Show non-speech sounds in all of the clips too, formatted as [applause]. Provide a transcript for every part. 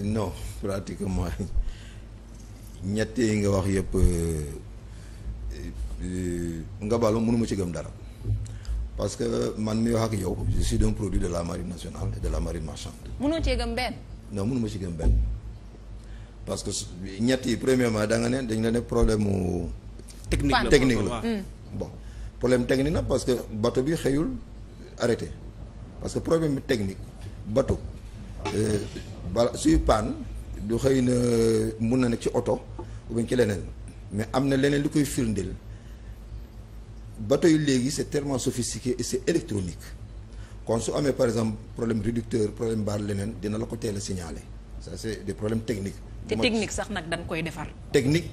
non pratiquement ñett yi nga wax yëpp euh, euh, nga baalu mënuma ci gëm dara parce que man mi wax ak yow je suis un produit de la marine nationale et de la marine marchande. mënoo cee gëm benn. non mënuma ci gëm benn parce que ñett yi premièrement da nga ne dañ la ne problème mu. technique la hmm. bon problème technique na parce que bateau bi xëyul arrêté parce que problème technique bateau. Euh, bala suy paan du xëy na mun na nekk ci oto wala ci leneen mais am na leneen lu koy firndeel bateau yi léegi c'est tellement sophistiqué et c'est électronique kon su amee par exemple problème réducteur problème barre leneen dina la ko teel a signalé ça c'est des problèmes techniques. te technique sax nag dañ koy defar. technique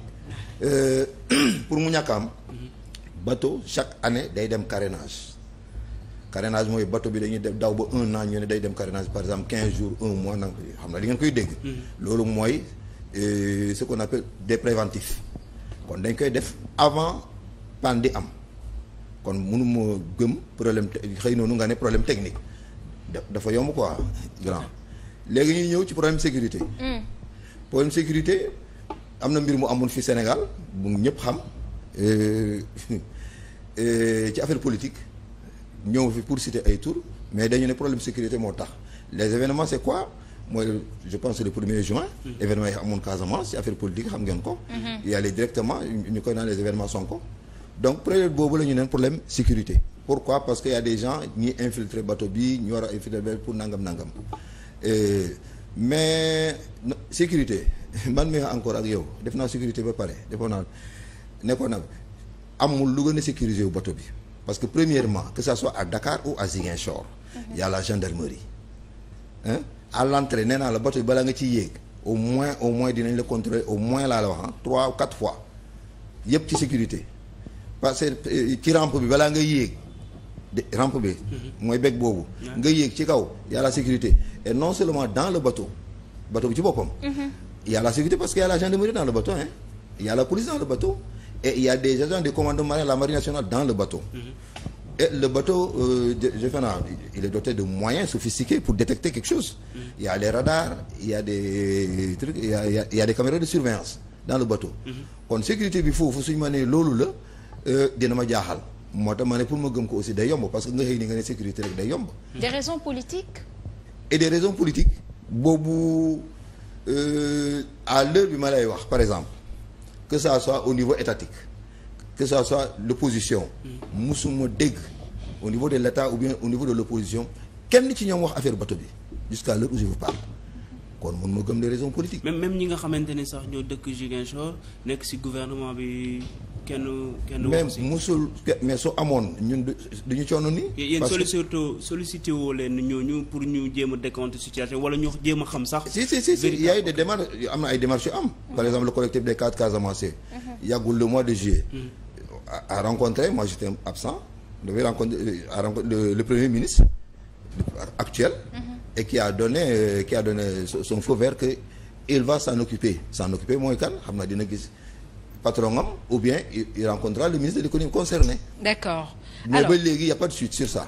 euh, [clears throat] pour mu ñàkk am bateau chaque année day dem carénage. carénage mooy bateau bi dañuy def daw ba un an ñu ne day dem carénage par exemple quinze jours un mois nag xam na li ngeen koy dégg. Mm-hmm. loolu mooy euh, ce qu'on appelle des préventifs kon dañ koy def avant panne di am kon mënu ma gëm problème xëy noonu nga ne problème technique dafa yomb quoi grand léegi ñuy ñëw ci problème sécurité. Mm. problème sécurité am na mbir mu amul fi Sénégal mu ñëpp xam euh, [laughs] euh, ci affaire politique. ñëw fi pour citer ay tour mais dañu ne problème sécurité moo tax les événements c'est quoi mooy je pense le premier juin mm-hmm. événement yi amoon Casamance ci affaire politique xam ngeen ko mm-hmm. yàlla directement ñu koy naan les événements Sonko donc période boobu la ñu neen problème sécurité pourquoi parce que y a des gens ñi infiltré bateau bi ñu war a infiltré pour nangam nangam mais sécurité [laughs] man mi encore ak yow def naa sécurité ba pare defoon naa nekkoon na amul lu gën a wu bateau bi parce que premièrement que ça soit a Dakar ou à Ziguinchor. il y a la gendarmerie. Hein? à l'entrée nee naa la bato balaa nga ci yéeg au moins au moins dinañ la contrôler au moins laa la wax ah trois ou quatre fois yëpp ci sécurité parce que euh, ci rampe bi balaa nga yéeg de rampe bi. mooy beg boobu. nga yéeg ci kaw yàlla a la sécurité et non seulement dans le bateau bateau bi ci boppam. Mhm. y a la sécurité parce que y la gendarmerie dans le bateau hein y a la police Et il y a des agents de commandement de la marine nationale dans le bateau. Mm le bateau, de, euh, je fais, non, il est doté de moyens sophistiqués pour détecter quelque chose. Mm -hmm. Il y a les radars, il y de surveillance dans le bateau. Mhm. kon sécurité bi foofu suñu ma nee loolu la euh, dina ma jaaxal moo tax ma ne pour ma gëm ko aussi day yomb parce que nga xëy ni nga ne sécurité rek day yomb. des raisons politiques. et des raisons politiques boobu euh, à l'heure bi ma lay wax par exemple. que ça soit au niveau étatique que ça soit l'opposition musuma dégg au niveau de l'état ou bien au niveau de l'opposition kenn ci ñoom wax affaire bateau bi jusqu'à l'heure où je vous parle kon mun ma gëm les raisons politiques même même ñi nga xamante ne sax ñoo dëkk Ziguinchor nekk si gouvernement bi kenn kenn mais musul mais su amoon ñun du ñu coono nii. yéen sollicité sollicité woo leen ñooñu pour ñu jéem a décompte situation wala ñu jéem a xam sax. si si si si y' a des démarches am na ay démarches am. par exemple le collectif des cadres Casamance. Mhm. yàggul le mois de juillet. Mhm. a rencontré moi j' étais absent. dafay rencontré à euh, rencontré le, premier ministre actuel. Mhm. et qui a donné euh, qui a donné son feu vert que il va s'en occuper s'en occuper mooy kan xam naa dina gis. patron am ou bien il rencontrera le ministre de l'économie concerné. D'accord. mais ba léegi y a pas de suite sur ça.